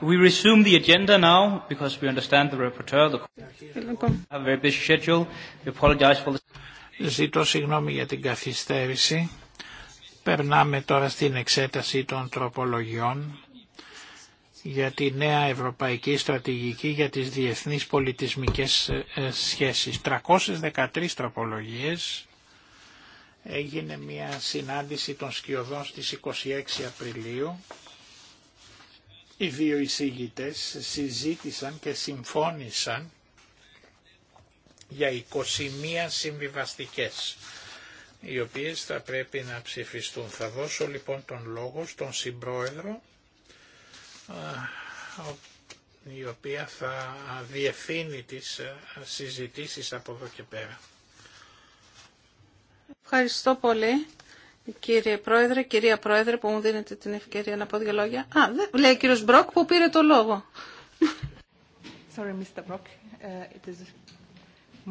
We resume the Ζητώ συγγνώμη για την καθυστέρηση. Περνάμε τώρα στην εξέταση των τροπολογιών για τη νέα ευρωπαϊκή στρατηγική για τις διεθνείς πολιτισμικές ε, σχέσεις. 313 τροπολογίες. Έγινε μια συνάντηση των σκιωδών στις 26 Απριλίου οι δύο εισηγητές συζήτησαν και συμφώνησαν για 21 συμβιβαστικές οι οποίες θα πρέπει να ψηφιστούν. Θα δώσω λοιπόν τον λόγο στον συμπρόεδρο η οποία θα διευθύνει τις ε, συζητήσεις από εδώ και πέρα. Ευχαριστώ πολύ. Κύριε Πρόεδρε, κυρία Πρόεδρε που μου δίνετε την ευκαιρία να πω δύο λόγια. Α, δεν λέει ο κύριος Μπροκ που πήρε το λόγο. Sorry, Mr. Brock. Ε, it is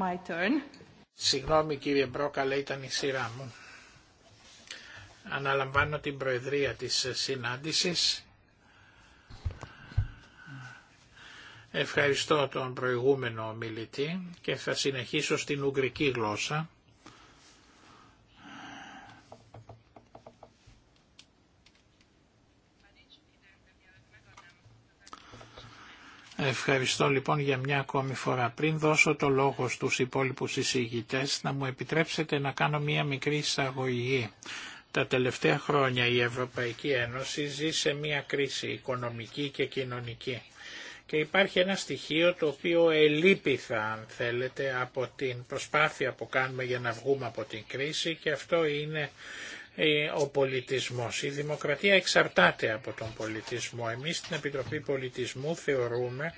my turn. Συγγνώμη κύριε Μπροκ, αλλά ήταν η σειρά μου. Αναλαμβάνω την προεδρία της συνάντησης. Ευχαριστώ τον προηγούμενο ομιλητή και θα συνεχίσω στην ουγγρική γλώσσα. Ευχαριστώ λοιπόν για μια ακόμη φορά. Πριν δώσω το λόγο στους υπόλοιπους εισηγητές, να μου επιτρέψετε να κάνω μια μικρή εισαγωγή. Τα τελευταία χρόνια η Ευρωπαϊκή Ένωση ζει σε μια κρίση οικονομική και κοινωνική. Και υπάρχει ένα στοιχείο το οποίο ελείπηθα, αν θέλετε, από την προσπάθεια που κάνουμε για να βγούμε από την κρίση και αυτό είναι ε, ο πολιτισμός. Η δημοκρατία εξαρτάται από τον πολιτισμό. Εμείς στην Επιτροπή Πολιτισμού θεωρούμε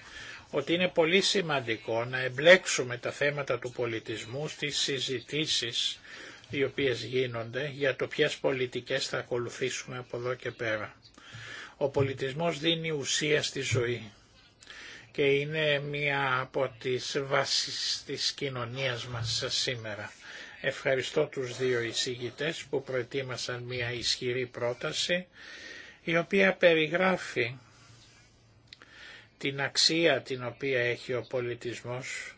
ότι είναι πολύ σημαντικό να εμπλέξουμε τα θέματα του πολιτισμού στις συζητήσεις οι οποίες γίνονται για το ποιες πολιτικές θα ακολουθήσουμε από εδώ και πέρα. Ο πολιτισμός δίνει ουσία στη ζωή και είναι μία από τις βάσεις της κοινωνίας μας σήμερα. Ευχαριστώ τους δύο εισηγητές που προετοίμασαν μια ισχυρή πρόταση η οποία περιγράφει την αξία την οποία έχει ο πολιτισμός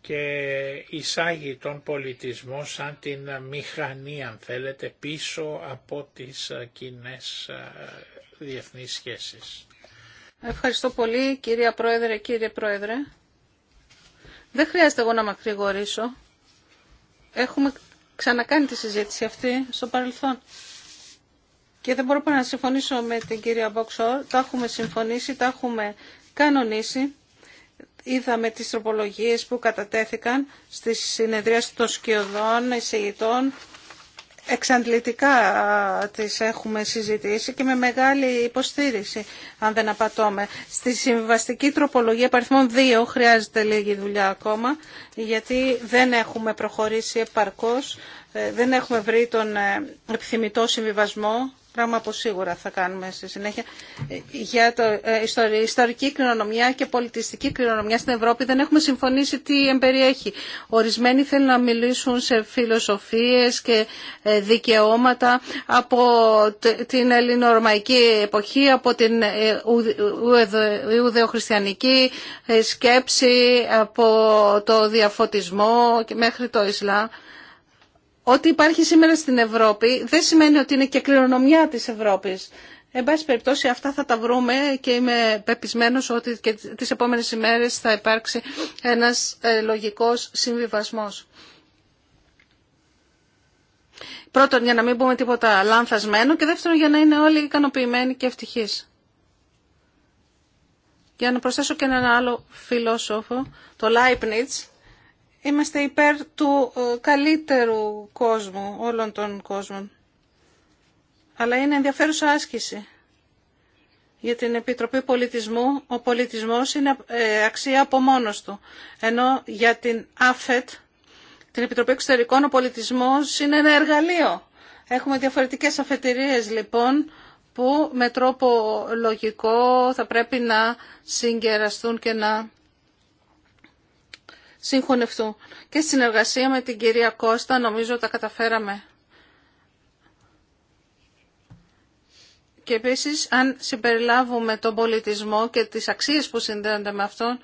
και εισάγει τον πολιτισμό σαν την μηχανή αν θέλετε πίσω από τις κοινέ ε, διεθνείς σχέσεις. Ευχαριστώ πολύ κυρία Πρόεδρε, κύριε Πρόεδρε. Δεν χρειάζεται εγώ να μακρηγορήσω. Έχουμε ξανακάνει τη συζήτηση αυτή στο παρελθόν. Και δεν μπορώ να συμφωνήσω με την κυρία Μπόξορ. Τα έχουμε συμφωνήσει, τα έχουμε κανονίσει. Είδαμε τις τροπολογίες που κατατέθηκαν στις συνεδρίες των σκιωδών, εισηγητών, εξαντλητικά τις έχουμε συζητήσει και με μεγάλη υποστήριξη, αν δεν απατώμε. Στη συμβαστική τροπολογία παριθμών 2 χρειάζεται λίγη δουλειά ακόμα, γιατί δεν έχουμε προχωρήσει επαρκώς ε, δεν έχουμε βρει τον ε, επιθυμητό συμβιβασμό, πράγμα που σίγουρα θα κάνουμε στη συνέχεια, ε, για το, ιστορική κληρονομιά και πολιτιστική κληρονομιά στην Ευρώπη. Δεν έχουμε συμφωνήσει τι εμπεριέχει. Ορισμένοι θέλουν να μιλήσουν σε φιλοσοφίες και δικαιώματα από την ελληνορωμαϊκή εποχή, από την ουδεοχριστιανική σκέψη, από το διαφωτισμό και μέχρι το Ισλάμ. Ό,τι υπάρχει σήμερα στην Ευρώπη δεν σημαίνει ότι είναι και κληρονομιά της Ευρώπης. Εν πάση περιπτώσει αυτά θα τα βρούμε και είμαι πεπισμένος ότι και τις επόμενες ημέρες θα υπάρξει ένας ε, λογικός συμβιβασμός. Πρώτον για να μην πούμε τίποτα λανθασμένο και δεύτερον για να είναι όλοι ικανοποιημένοι και ευτυχείς. Για να προσθέσω και έναν άλλο φιλόσοφο, το Leibniz, Είμαστε υπέρ του ε, καλύτερου κόσμου, όλων των κόσμων. Αλλά είναι ενδιαφέρουσα άσκηση. Για την Επιτροπή Πολιτισμού, ο πολιτισμός είναι ε, αξία από μόνος του. Ενώ για την ΑΦΕΤ, την Επιτροπή Εξωτερικών, ο πολιτισμός είναι ένα εργαλείο. Έχουμε διαφορετικές αφετηρίες λοιπόν, που με τρόπο λογικό θα πρέπει να συγκεραστούν και να συγχωνευτούν. Και στη συνεργασία με την κυρία Κώστα νομίζω τα καταφέραμε. Και επίσης αν συμπεριλάβουμε τον πολιτισμό και τις αξίες που συνδέονται με αυτόν,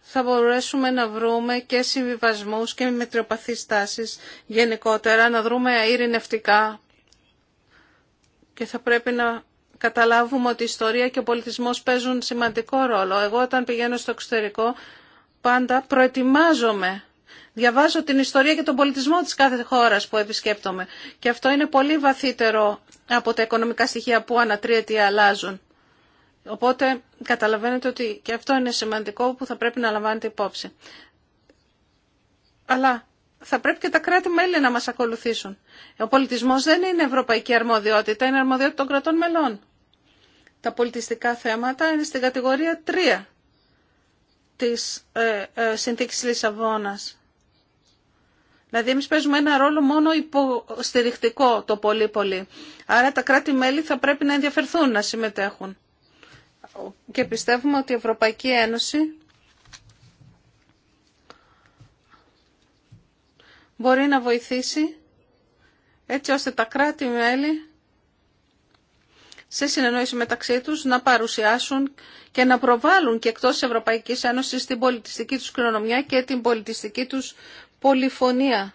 θα μπορέσουμε να βρούμε και συμβιβασμούς και μετριοπαθείς τάσει. γενικότερα, να δρούμε ειρηνευτικά και θα πρέπει να καταλάβουμε ότι η ιστορία και ο πολιτισμός παίζουν σημαντικό ρόλο. Εγώ όταν πηγαίνω στο εξωτερικό πάντα προετοιμάζομαι. Διαβάζω την ιστορία και τον πολιτισμό της κάθε χώρας που επισκέπτομαι. Και αυτό είναι πολύ βαθύτερο από τα οικονομικά στοιχεία που ή αλλάζουν. Οπότε καταλαβαίνετε ότι και αυτό είναι σημαντικό που θα πρέπει να λαμβάνετε υπόψη. Αλλά θα πρέπει και τα κράτη-μέλη να μας ακολουθήσουν. Ο πολιτισμός δεν είναι ευρωπαϊκή αρμοδιότητα, είναι αρμοδιότητα των κρατών μελών. Τα πολιτιστικά θέματα είναι στην κατηγορία 3 της ε, ε, συνθήκης Λισαβόνας. Δηλαδή εμείς παίζουμε ένα ρόλο μόνο υποστηρικτικό το πολύ πολύ. Άρα τα κράτη-μέλη θα πρέπει να ενδιαφερθούν να συμμετέχουν. Και πιστεύουμε ότι η Ευρωπαϊκή Ένωση μπορεί να βοηθήσει έτσι ώστε τα κράτη-μέλη σε συνεννόηση μεταξύ τους να παρουσιάσουν και να προβάλλουν και εκτός της Ευρωπαϊκής Ένωσης την πολιτιστική τους κληρονομιά και την πολιτιστική τους πολυφωνία.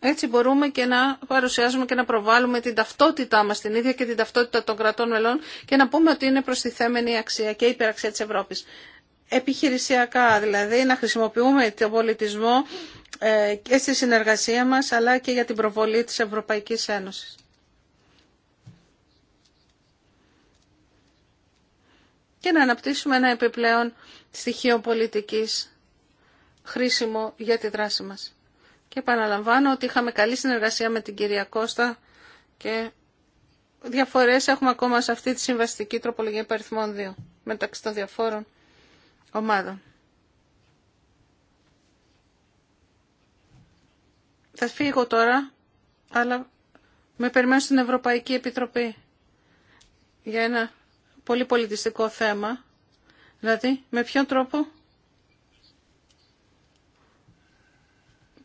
Έτσι μπορούμε και να παρουσιάζουμε και να προβάλλουμε την ταυτότητά μας την ίδια και την ταυτότητα των κρατών μελών και να πούμε ότι είναι προστιθέμενη αξία και υπεραξία της Ευρώπης. Επιχειρησιακά δηλαδή να χρησιμοποιούμε τον πολιτισμό ε, και στη συνεργασία μας αλλά και για την προβολή της Ευρωπαϊκής Ένωσης. Και να αναπτύσσουμε ένα επιπλέον στοιχείο πολιτικής χρήσιμο για τη δράση μας. Και επαναλαμβάνω ότι είχαμε καλή συνεργασία με την κυρία Κώστα και διαφορές έχουμε ακόμα σε αυτή τη συμβαστική τροπολογία περιθμών 2 μεταξύ των διαφόρων ομάδων. Θα φύγω τώρα, αλλά με περιμένω στην Ευρωπαϊκή Επιτροπή για ένα πολύ πολιτιστικό θέμα. Δηλαδή, με ποιον τρόπο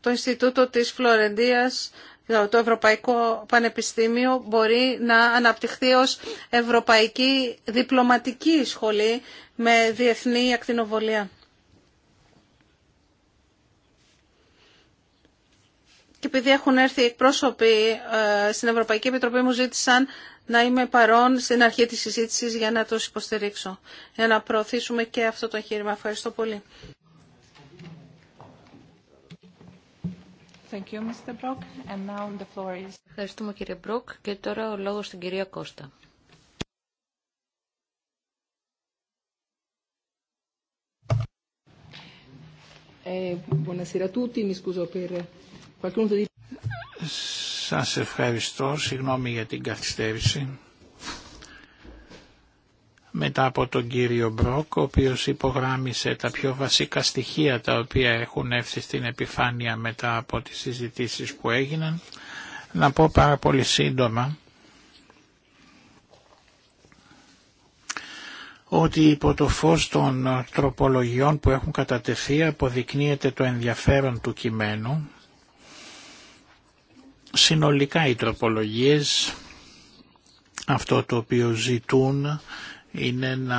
το Ινστιτούτο της Φλωρεντίας, το Ευρωπαϊκό Πανεπιστήμιο μπορεί να αναπτυχθεί ως Ευρωπαϊκή Διπλωματική Σχολή με διεθνή ακτινοβολία. και επειδή έχουν έρθει εκπρόσωποι ε, στην Ευρωπαϊκή Επιτροπή μου ζήτησαν να είμαι παρόν στην αρχή της συζήτησης για να τους υποστηρίξω, για να προωθήσουμε και αυτό το εγχείρημα. Ευχαριστώ πολύ. Ευχαριστούμε κύριε Μπροκ και τώρα ο λόγος στην κυρία Κώστα. Ε, buonasera a tutti, mi scuso per σας ευχαριστώ, συγγνώμη για την καθυστέρηση. Μετά από τον κύριο Μπρόκ, ο οποίος υπογράμμισε τα πιο βασικά στοιχεία τα οποία έχουν έρθει στην επιφάνεια μετά από τις συζητήσεις που έγιναν, να πω πάρα πολύ σύντομα ότι υπό το φως των τροπολογιών που έχουν κατατεθεί αποδεικνύεται το ενδιαφέρον του κειμένου Συνολικά οι τροπολογίες αυτό το οποίο ζητούν είναι να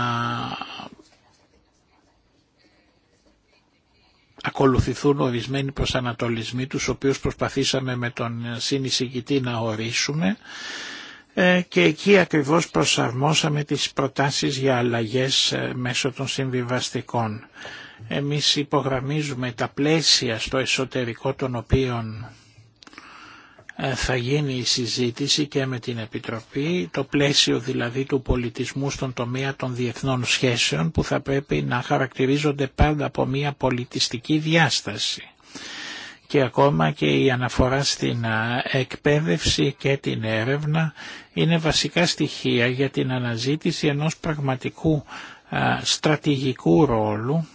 ακολουθηθούν ορισμένοι προσανατολισμοί τους οποίους προσπαθήσαμε με τον συνεισηγητή να ορίσουμε ε, και εκεί ακριβώς προσαρμόσαμε τις προτάσεις για αλλαγές ε, μέσω των συμβιβαστικών. Εμείς υπογραμμίζουμε τα πλαίσια στο εσωτερικό των οποίων ε, θα γίνει η συζήτηση και με την Επιτροπή, το πλαίσιο δηλαδή του πολιτισμού στον τομέα των διεθνών σχέσεων που θα πρέπει να χαρακτηρίζονται πάντα από μια πολιτιστική διάσταση και ακόμα και η αναφορά στην εκπαίδευση και την έρευνα είναι βασικά στοιχεία για την αναζήτηση ενός πραγματικού στρατηγικού ρόλου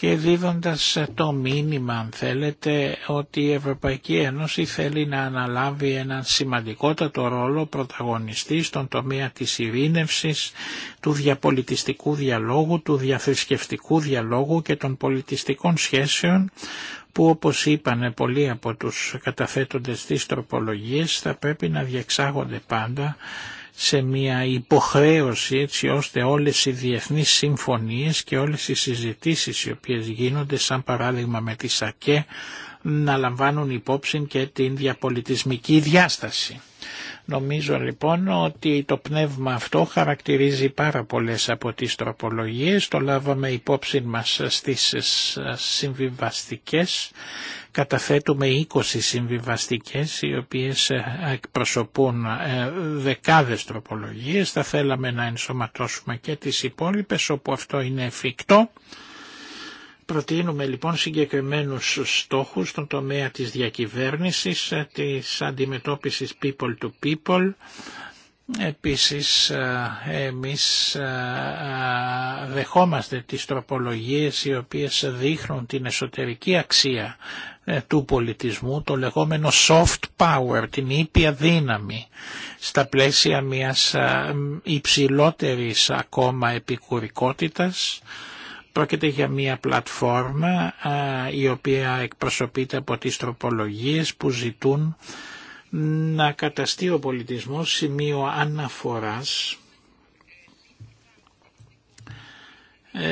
και δίδοντας το μήνυμα αν θέλετε ότι η Ευρωπαϊκή Ένωση θέλει να αναλάβει έναν σημαντικότατο ρόλο πρωταγωνιστή στον τομέα της ειρήνευσης, του διαπολιτιστικού διαλόγου, του διαθρησκευτικού διαλόγου και των πολιτιστικών σχέσεων που όπως είπανε πολλοί από τους καταθέτοντες της τροπολογίες θα πρέπει να διεξάγονται πάντα σε μια υποχρέωση έτσι ώστε όλες οι διεθνείς συμφωνίες και όλες οι συζητήσεις οι οποίες γίνονται σαν παράδειγμα με τη ΣΑΚΕ να λαμβάνουν υπόψη και την διαπολιτισμική διάσταση. Νομίζω λοιπόν ότι το πνεύμα αυτό χαρακτηρίζει πάρα πολλές από τις τροπολογίες, το λάβαμε υπόψη μας στις συμβιβαστικές, καταθέτουμε 20 συμβιβαστικές οι οποίες ε, εκπροσωπούν ε, δεκάδες τροπολογίες, θα θέλαμε να ενσωματώσουμε και τις υπόλοιπες όπου αυτό είναι εφικτό. Προτείνουμε λοιπόν συγκεκριμένους στόχους στον τομέα της διακυβέρνησης, ε, της αντιμετώπισης people to people. Επίσης ε, εμείς ε, δεχόμαστε τις τροπολογίες οι οποίες δείχνουν την εσωτερική αξία του πολιτισμού, το λεγόμενο soft power, την ήπια δύναμη, στα πλαίσια μιας υψηλότερης ακόμα επικουρικότητας, Πρόκειται για μια πλατφόρμα η οποία εκπροσωπείται από τις τροπολογίες που ζητούν να καταστεί ο πολιτισμός σημείο αναφοράς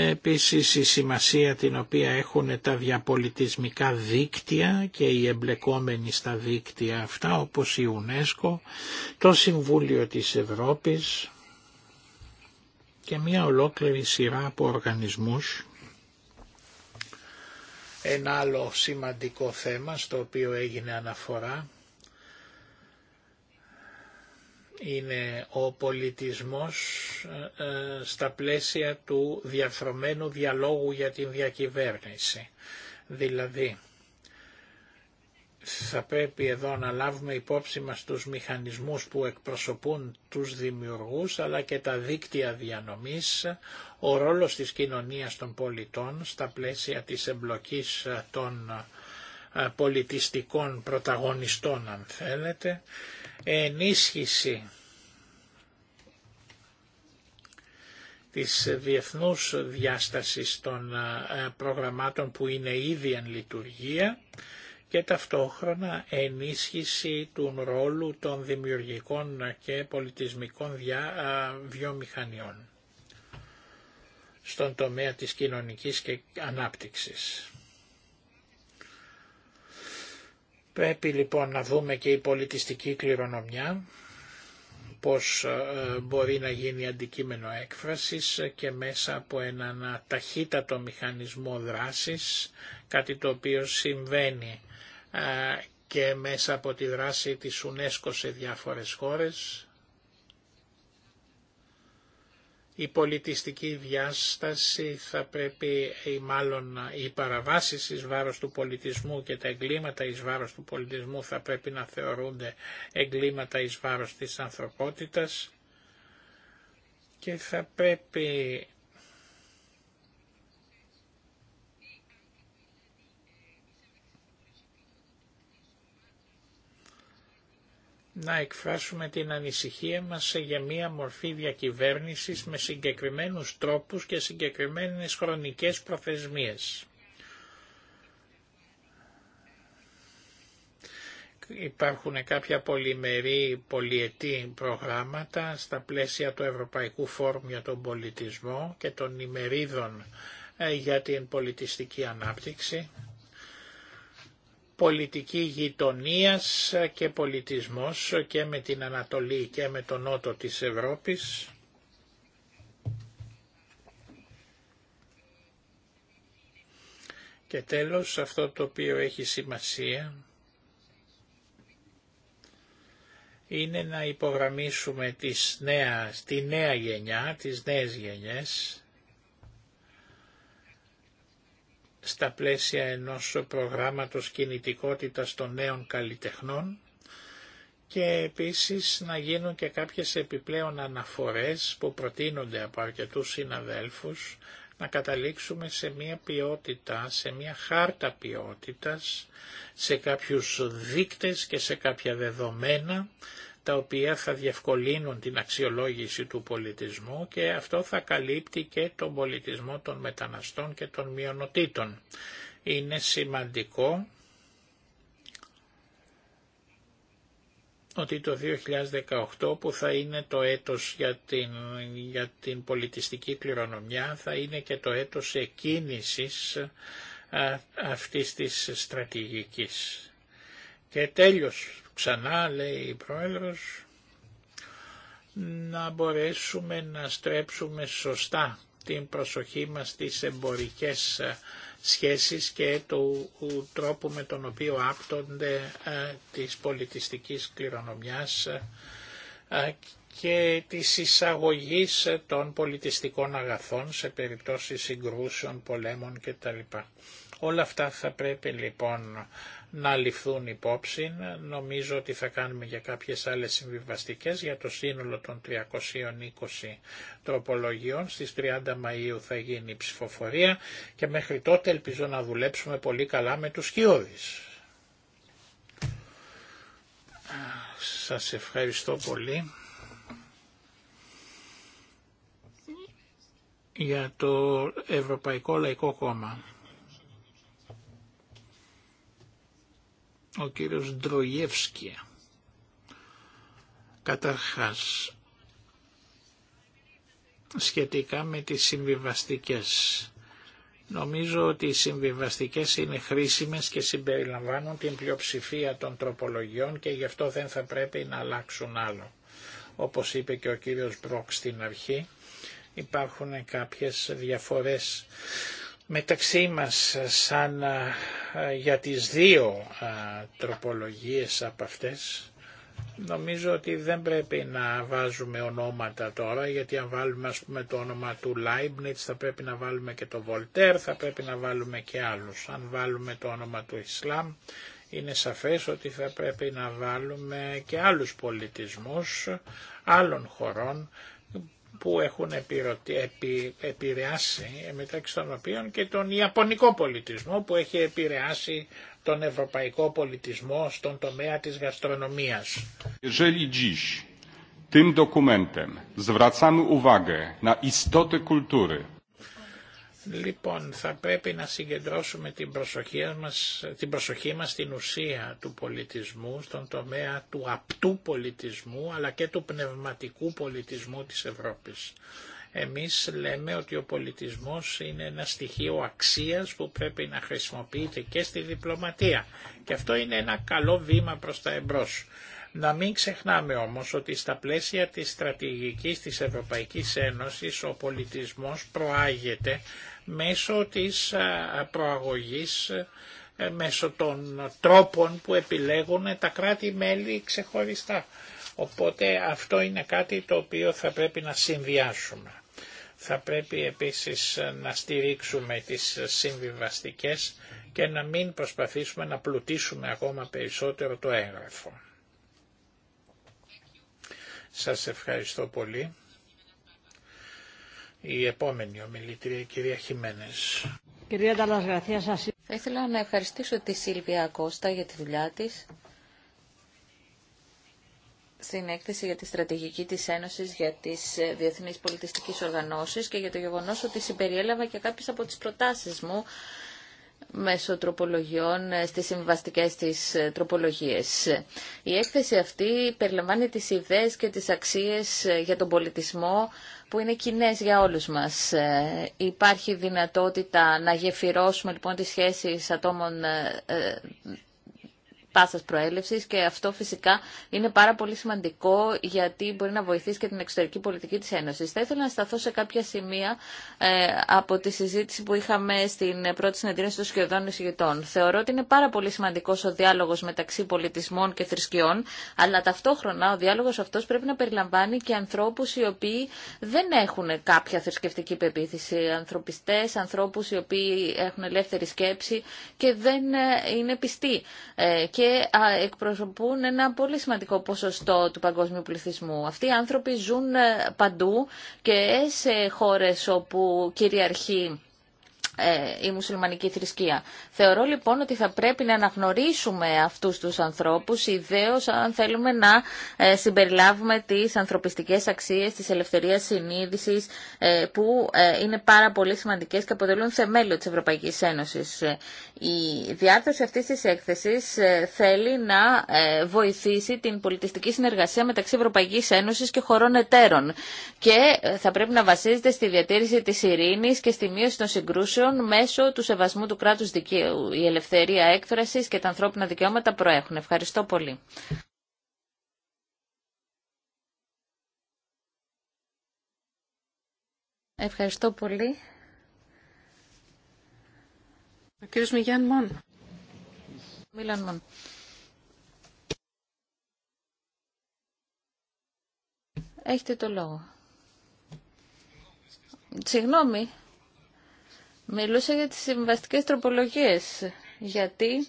Επίσης η σημασία την οποία έχουν τα διαπολιτισμικά δίκτυα και οι εμπλεκόμενοι στα δίκτυα αυτά όπως η UNESCO, το Συμβούλιο της Ευρώπης, και μια ολόκληρη σειρά από οργανισμούς. Ένα άλλο σημαντικό θέμα στο οποίο έγινε αναφορά είναι ο πολιτισμός ε, ε, στα πλαίσια του διαφρομένου διαλόγου για την διακυβέρνηση. Δηλαδή, θα πρέπει εδώ να λάβουμε υπόψη μας τους μηχανισμούς που εκπροσωπούν τους δημιουργούς αλλά και τα δίκτυα διανομής, ο ρόλος της κοινωνίας των πολιτών στα πλαίσια της εμπλοκής των ε, πολιτιστικών πρωταγωνιστών αν θέλετε, ενίσχυση της διεθνούς διάστασης των ε, προγραμμάτων που είναι ήδη εν λειτουργία και ταυτόχρονα ενίσχυση του ρόλου των δημιουργικών και πολιτισμικών βιομηχανιών στον τομέα της κοινωνικής και ανάπτυξης. Πρέπει λοιπόν να δούμε και η πολιτιστική κληρονομιά πώς ε, μπορεί να γίνει αντικείμενο έκφρασης και μέσα από έναν ταχύτατο μηχανισμό δράσης, κάτι το οποίο συμβαίνει ε, και μέσα από τη δράση της UNESCO σε διάφορες χώρες η πολιτιστική διάσταση θα πρέπει, ή μάλλον οι παραβάσεις εις βάρος του πολιτισμού και τα εγκλήματα εις βάρος του πολιτισμού θα πρέπει να θεωρούνται εγκλήματα εις βάρος της ανθρωπότητας και θα πρέπει να εκφράσουμε την ανησυχία μας για μία μορφή διακυβέρνησης με συγκεκριμένους τρόπους και συγκεκριμένες χρονικές προθεσμίες. Υπάρχουν κάποια πολυμερή πολυετή προγράμματα στα πλαίσια του Ευρωπαϊκού Φόρουμ για τον Πολιτισμό και των ημερίδων ε, για την πολιτιστική ανάπτυξη πολιτική γειτονίας και πολιτισμός και με την Ανατολή και με τον Νότο της Ευρώπης. Και τέλος αυτό το οποίο έχει σημασία είναι να υπογραμμίσουμε τις νέα, τη νέα γενιά, τις νέες γενιές, στα πλαίσια ενός προγράμματος κινητικότητας των νέων καλλιτεχνών και επίσης να γίνουν και κάποιες επιπλέον αναφορές που προτείνονται από αρκετού συναδέλφους να καταλήξουμε σε μία ποιότητα, σε μία χάρτα ποιότητας, σε κάποιους δείκτες και σε κάποια δεδομένα τα οποία θα διευκολύνουν την αξιολόγηση του πολιτισμού και αυτό θα καλύπτει και τον πολιτισμό των μεταναστών και των μειονοτήτων. Είναι σημαντικό ότι το 2018 που θα είναι το έτος για την, για την πολιτιστική κληρονομιά θα είναι και το έτος εκκίνησης αυτής της στρατηγικής. Και τέλος ξανά λέει η Πρόεδρος, να μπορέσουμε να στρέψουμε σωστά την προσοχή μας στις εμπορικές ε, σχέσεις και του τρόπου με τον οποίο άπτονται ε, της πολιτιστικής κληρονομιάς ε, και της εισαγωγής των πολιτιστικών αγαθών σε περιπτώσεις συγκρούσεων, πολέμων κτλ. Όλα αυτά θα πρέπει λοιπόν να ληφθούν υπόψη. Νομίζω ότι θα κάνουμε για κάποιες άλλες συμβιβαστικές για το σύνολο των 320 τροπολογιών. Στις 30 Μαΐου θα γίνει η ψηφοφορία και μέχρι τότε ελπίζω να δουλέψουμε πολύ καλά με τους χιώδεις. Σας ευχαριστώ πολύ. για το Ευρωπαϊκό Λαϊκό Κόμμα. ο κύριος Ντρογεύσκη. Καταρχάς, σχετικά με τις συμβιβαστικές. Νομίζω ότι οι συμβιβαστικές είναι χρήσιμες και συμπεριλαμβάνουν την πλειοψηφία των τροπολογιών και γι' αυτό δεν θα πρέπει να αλλάξουν άλλο. Όπως είπε και ο κύριος Μπρόκ στην αρχή, υπάρχουν κάποιες διαφορές μεταξύ μας σαν για τις δύο τροπολογίες από αυτές νομίζω ότι δεν πρέπει να βάζουμε ονόματα τώρα γιατί αν βάλουμε ας πούμε το όνομα του Λάιμπνιτς θα πρέπει να βάλουμε και το Βολτέρ θα πρέπει να βάλουμε και άλλους. Αν βάλουμε το όνομα του Ισλάμ είναι σαφές ότι θα πρέπει να βάλουμε και άλλους πολιτισμούς άλλων χωρών που έχουν επηρεάσει μεταξύ των οποίων και τον Ιαπωνικό πολιτισμό που έχει επηρεάσει τον Ευρωπαϊκό πολιτισμό στον τομέα της γαστρονομίας. Jeżeli dziś tym dokumentem zwracamy uwagę na istotę kultury, Λοιπόν, θα πρέπει να συγκεντρώσουμε την προσοχή, μας, την προσοχή μας στην ουσία του πολιτισμού, στον τομέα του απτού πολιτισμού, αλλά και του πνευματικού πολιτισμού της Ευρώπης. Εμείς λέμε ότι ο πολιτισμός είναι ένα στοιχείο αξίας που πρέπει να χρησιμοποιείται και στη διπλωματία. Και αυτό είναι ένα καλό βήμα προς τα εμπρός. Να μην ξεχνάμε όμως ότι στα πλαίσια της στρατηγικής της Ευρωπαϊκής Ένωσης ο πολιτισμός προάγεται μέσω της προαγωγής, ε, μέσω των τρόπων που επιλέγουν τα κράτη-μέλη ξεχωριστά. Οπότε αυτό είναι κάτι το οποίο θα πρέπει να συνδυάσουμε. Θα πρέπει επίσης να στηρίξουμε τις συμβιβαστικές και να μην προσπαθήσουμε να πλουτίσουμε ακόμα περισσότερο το έγγραφο. Σας ευχαριστώ πολύ. Η επόμενη ομιλήτρια, η κυρία Χιμένες. Κυρία σας. Θα ήθελα να ευχαριστήσω τη Σίλβια Κώστα για τη δουλειά της στην έκθεση για τη στρατηγική της Ένωσης για τις ε, διεθνείς πολιτιστικές οργανώσεις και για το γεγονός ότι συμπεριέλαβα και κάποιες από τις προτάσεις μου μέσω τροπολογιών ε, στις συμβαστικές της ε, τροπολογίες. Η έκθεση αυτή περιλαμβάνει τις ιδέες και τις αξίες ε, για τον πολιτισμό που είναι κοινέ για όλους μας. Υπάρχει δυνατότητα να γεφυρώσουμε λοιπόν τις σχέσεις ατόμων πάσας προέλευσης και αυτό φυσικά είναι πάρα πολύ σημαντικό γιατί μπορεί να βοηθήσει και την εξωτερική πολιτική της Ένωσης. Θα ήθελα να σταθώ σε κάποια σημεία ε, από τη συζήτηση που είχαμε στην πρώτη συνεδρίαση των σχεδόν εισηγητών. Θεωρώ ότι είναι πάρα πολύ σημαντικός ο διάλογος μεταξύ πολιτισμών και θρησκειών, αλλά ταυτόχρονα ο διάλογος αυτός πρέπει να περιλαμβάνει και ανθρώπους οι οποίοι δεν έχουν κάποια θρησκευτική πεποίθηση, ανθρωπιστές, ανθρώπους οι οποίοι έχουν ελεύθερη σκέψη και δεν ε, είναι πιστοί ε, και εκπροσωπούν ένα πολύ σημαντικό ποσοστό του παγκόσμιου πληθυσμού. Αυτοί οι άνθρωποι ζουν ε, παντού και σε χώρες όπου κυριαρχεί ε, η μουσουλμανική θρησκεία. Θεωρώ λοιπόν ότι θα πρέπει να αναγνωρίσουμε αυτούς τους ανθρώπους, ιδέως αν θέλουμε να ε, συμπεριλάβουμε τις ανθρωπιστικές αξίες της ελευθερίας συνείδησης ε, που είναι πάρα πολύ σημαντικές και αποτελούν θεμέλιο της Ευρωπαϊκής Ένωσης. Η διάρθρωση αυτής της έκθεσης θέλει να βοηθήσει την πολιτιστική συνεργασία μεταξύ Ευρωπαϊκής Ένωσης και χωρών εταίρων και θα πρέπει να βασίζεται στη διατήρηση της ειρήνης και στη μείωση των συγκρούσεων μέσω του σεβασμού του κράτους δικαίου. Η ελευθερία έκφραση και τα ανθρώπινα δικαιώματα προέχουν. Ευχαριστώ πολύ. Ευχαριστώ πολύ. Ο κύριος Μιγιάν Μον. Μίλαν Μον. Έχετε το λόγο. Συγγνώμη, Μιλούσα για τις συμβαστικές τροπολογίες, γιατί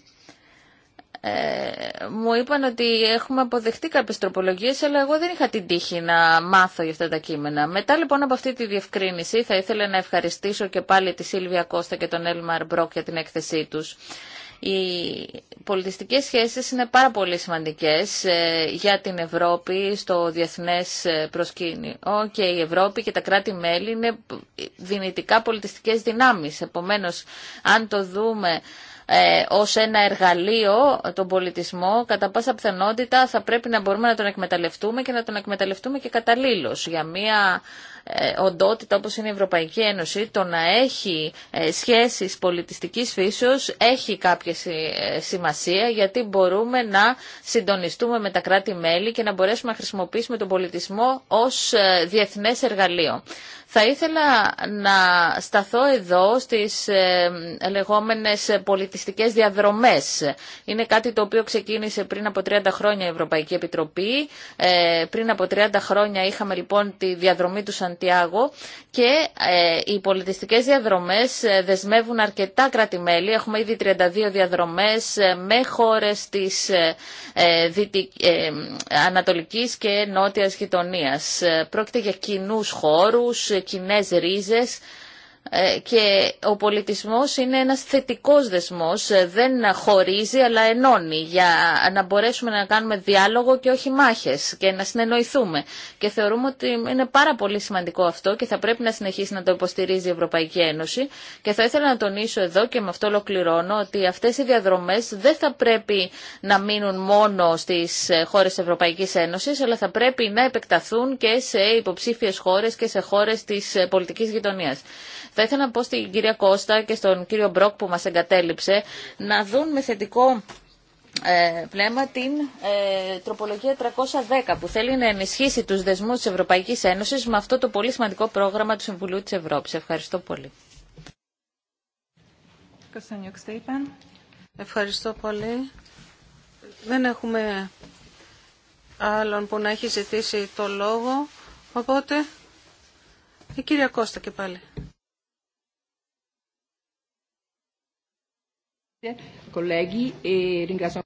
ε, μου είπαν ότι έχουμε αποδεχτεί κάποιες τροπολογίες, αλλά εγώ δεν είχα την τύχη να μάθω για αυτά τα κείμενα. Μετά λοιπόν από αυτή τη διευκρίνηση θα ήθελα να ευχαριστήσω και πάλι τη Σίλβια Κώστα και τον Έλμαρ Μπρόκ για την έκθεσή τους. Οι πολιτιστικές σχέσεις είναι πάρα πολύ σημαντικές ε, για την Ευρώπη στο διεθνές ε, προσκήνιο και η Ευρώπη και τα κράτη-μέλη είναι δυνητικά πολιτιστικές δυνάμεις. Επομένως, αν το δούμε ε, ως ένα εργαλείο τον πολιτισμό, κατά πάσα πιθανότητα θα πρέπει να μπορούμε να τον εκμεταλλευτούμε και να τον εκμεταλλευτούμε και καταλήλως για μια ε, οντότητα όπως είναι η Ευρωπαϊκή Ένωση, το να έχει ε, σχέσεις πολιτιστικής φύσεως έχει κάποια ε, σημασία γιατί μπορούμε να συντονιστούμε με τα κράτη-μέλη και να μπορέσουμε να χρησιμοποιήσουμε τον πολιτισμό ως διεθνές εργαλείο. Θα ήθελα να σταθώ εδώ στις λεγόμενες πολιτιστικές διαδρομές. Είναι κάτι το οποίο ξεκίνησε πριν από 30 χρόνια η Ευρωπαϊκή Επιτροπή. Πριν από 30 χρόνια είχαμε λοιπόν τη διαδρομή του Σαντ και ε, οι πολιτιστικές διαδρομές ε, δεσμεύουν αρκετά κράτη-μέλη. Έχουμε ήδη 32 διαδρομές ε, με χώρες της ανατολικής και νότιας γειτονίας. Πρόκειται για κοινού χώρους, κοινέ ρίζες ε, και ο πολιτισμός είναι ένας θετικός δεσμός, ε, δεν χωρίζει αλλά ενώνει για να μπορέσουμε να κάνουμε διάλογο και όχι μάχες και να συνεννοηθούμε. Και θεωρούμε ότι είναι πάρα πολύ σημαντικό αυτό και θα πρέπει να συνεχίσει να το υποστηρίζει η Ευρωπαϊκή Ένωση και θα ήθελα να τονίσω εδώ και με αυτό ολοκληρώνω ότι αυτές οι διαδρομές δεν θα πρέπει να μείνουν μόνο στις ε, χώρες της Ευρωπαϊκής Ένωσης αλλά θα πρέπει να επεκταθούν και σε υποψήφιες χώρες και σε χώρες της πολιτικής γειτονίας. Θα ήθελα να πω στην κυρία Κώστα και στον κύριο Μπρόκ που μας εγκατέλειψε να δουν με θετικό ε, πνεύμα την ε, τροπολογία 310 που θέλει να ενισχύσει τους δεσμούς της Ευρωπαϊκής Ένωσης με αυτό το πολύ σημαντικό πρόγραμμα του Συμβουλίου της Ευρώπης. Ευχαριστώ πολύ. Ευχαριστώ πολύ. Δεν έχουμε άλλον που να έχει ζητήσει το λόγο, οπότε η κυρία Κώστα και πάλι. Colleghi, e ringrazio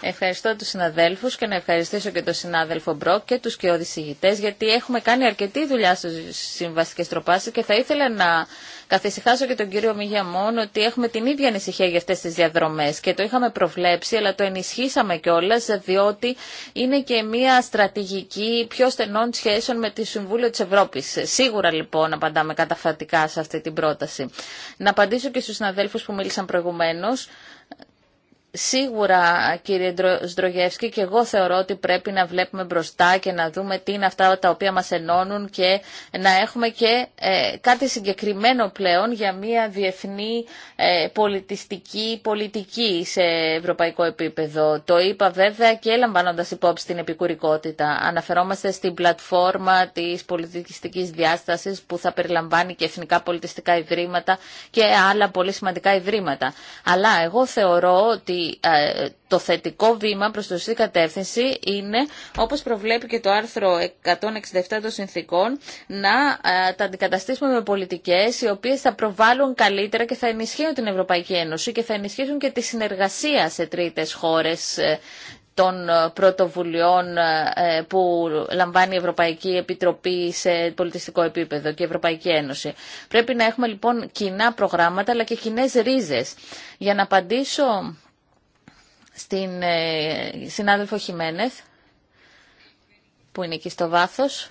Ευχαριστώ τους συναδέλφους και να ευχαριστήσω και τον συνάδελφο Μπρόκ και τους και οδησηγητές γιατί έχουμε κάνει αρκετή δουλειά στις συμβαστικές τροπάσεις και θα ήθελα να καθησυχάσω και τον κύριο Μιγιαμόν ότι έχουμε την ίδια ανησυχία για αυτές τις διαδρομές και το είχαμε προβλέψει αλλά το ενισχύσαμε κιόλα διότι είναι και μια στρατηγική πιο στενών σχέσεων με τη Συμβούλιο της Ευρώπης. Σίγουρα λοιπόν απαντάμε καταφατικά σε αυτή την πρόταση. Να απαντήσω και στους συναδέλφους που μίλησαν προηγουμένως Σίγουρα κύριε Σδρογεύσκη και εγώ θεωρώ ότι πρέπει να βλέπουμε μπροστά και να δούμε τι είναι αυτά τα οποία μας ενώνουν και να έχουμε και ε, κάτι συγκεκριμένο πλέον για μια διεθνή ε, πολιτιστική πολιτική σε ευρωπαϊκό επίπεδο. Το είπα βέβαια και λαμβάνοντας υπόψη την επικουρικότητα. Αναφερόμαστε στην πλατφόρμα της πολιτιστικής διάστασης που θα περιλαμβάνει και εθνικά πολιτιστικά ιδρύματα και άλλα πολύ σημαντικά ιδρύματα. Αλλά εγώ θεωρώ ότι ε, το θετικό βήμα προς το κατεύθυνση είναι, όπως προβλέπει και το άρθρο 167 των συνθήκων, να ε, τα αντικαταστήσουμε με πολιτικές οι οποίες θα προβάλλουν καλύτερα και θα ενισχύουν την Ευρωπαϊκή Ένωση και θα ενισχύσουν και τη συνεργασία σε τρίτες χώρες ε, των πρωτοβουλειών που λαμβάνει η Ευρωπαϊκή Επιτροπή σε πολιτιστικό επίπεδο και η Ευρωπαϊκή Ένωση. Πρέπει να έχουμε λοιπόν κοινά προγράμματα αλλά και κοινέ ρίζες. Για να απαντήσω στην ε, συνάδελφο Χιμένεθ, που είναι εκεί στο βάθος.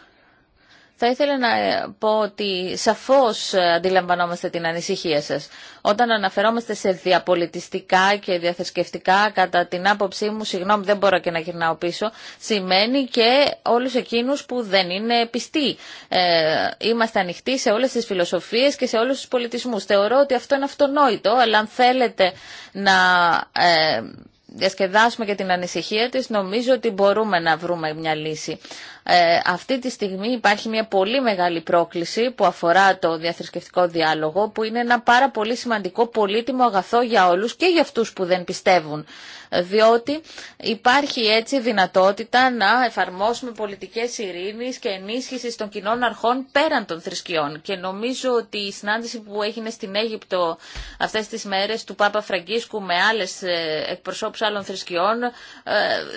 Θα ήθελα να ε, πω ότι σαφώς ε, αντιλαμβανόμαστε την ανησυχία σας. Όταν αναφερόμαστε σε διαπολιτιστικά και διαθεσκευτικά, κατά την άποψή μου, συγγνώμη δεν μπορώ και να γυρνάω πίσω, σημαίνει και όλους εκείνους που δεν είναι πιστοί. είμαστε ανοιχτοί σε όλες τις φιλοσοφίες και σε όλους τους πολιτισμούς. Θεωρώ ότι αυτό είναι αυτονόητο, αλλά αν θέλετε να διασκεδάσουμε και την ανησυχία της, νομίζω ότι μπορούμε να βρούμε μια λύση. Ε, αυτή τη στιγμή υπάρχει μια πολύ μεγάλη πρόκληση που αφορά το διαθρησκευτικό διάλογο που είναι ένα πάρα πολύ σημαντικό πολύτιμο αγαθό για όλους και για αυτούς που δεν πιστεύουν διότι υπάρχει έτσι δυνατότητα να εφαρμόσουμε πολιτικές ειρήνης και ενίσχυσης των κοινών αρχών πέραν των θρησκειών. Και νομίζω ότι η συνάντηση που έγινε στην Αίγυπτο αυτές τις μέρες του Πάπα Φραγκίσκου με άλλες ε, εκπροσώπους άλλων θρησκειών ε,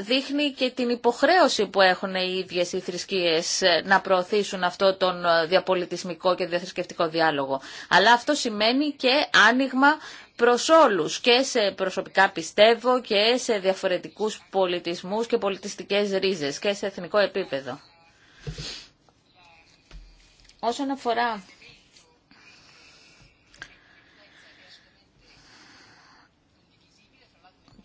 δείχνει και την υποχρέωση που έχουν οι ίδιες οι θρησκείες ε, να προωθήσουν αυτό τον ε, διαπολιτισμικό και διαθρησκευτικό διάλογο. Αλλά αυτό σημαίνει και άνοιγμα προς όλους και σε προσωπικά πιστεύω και σε διαφορετικούς πολιτισμούς και πολιτιστικές ρίζες και σε εθνικό επίπεδο. Όσον αφορά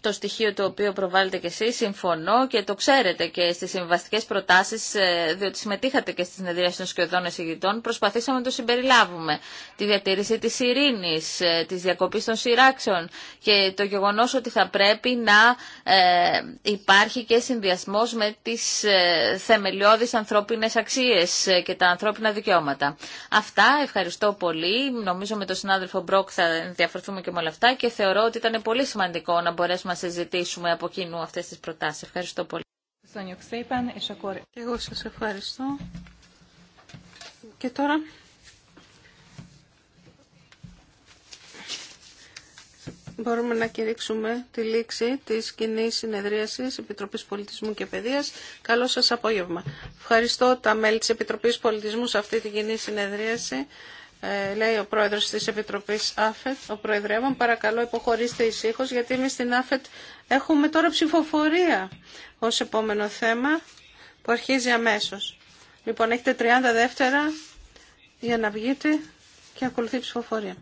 το στοιχείο το οποίο προβάλλετε και εσείς, συμφωνώ και το ξέρετε και στις συμβαστικέ προτάσεις, ε, διότι συμμετείχατε και στις συνεδρίες των σκεδών εισηγητών, προσπαθήσαμε να το συμπεριλάβουμε. Τη διατήρηση της ειρήνης, ε, της διακοπής των σειράξεων και το γεγονός ότι θα πρέπει να ε, υπάρχει και συνδυασμός με τις θεμελιώδεις ανθρώπινες αξίες και τα ανθρώπινα δικαιώματα. Αυτά, ευχαριστώ πολύ. Νομίζω με τον συνάδελφο Μπρόκ θα διαφερθούμε και με όλα αυτά και θεωρώ ότι ήταν πολύ σημαντικό να μπορέσουμε να συζητήσουμε από κοινού αυτέ τι προτάσει. Ευχαριστώ πολύ. Και Εγώ σας ευχαριστώ. Και τώρα... Μπορούμε να κηρύξουμε τη λήξη της κοινή συνεδρίασης Επιτροπής Πολιτισμού και Παιδείας. Καλό σας απόγευμα. Ευχαριστώ τα μέλη της Επιτροπής Πολιτισμού σε αυτή τη κοινή συνεδρίαση. Ε, λέει ο πρόεδρος της Επιτροπής ΑΦΕΤ, ο Προεδρεύων, παρακαλώ υποχωρήστε ησύχως, γιατί εμείς στην ΑΦΕΤ έχουμε τώρα ψηφοφορία ως επόμενο θέμα που αρχίζει αμέσως. Λοιπόν, έχετε 30 δεύτερα για να βγείτε και ακολουθεί ψηφοφορία.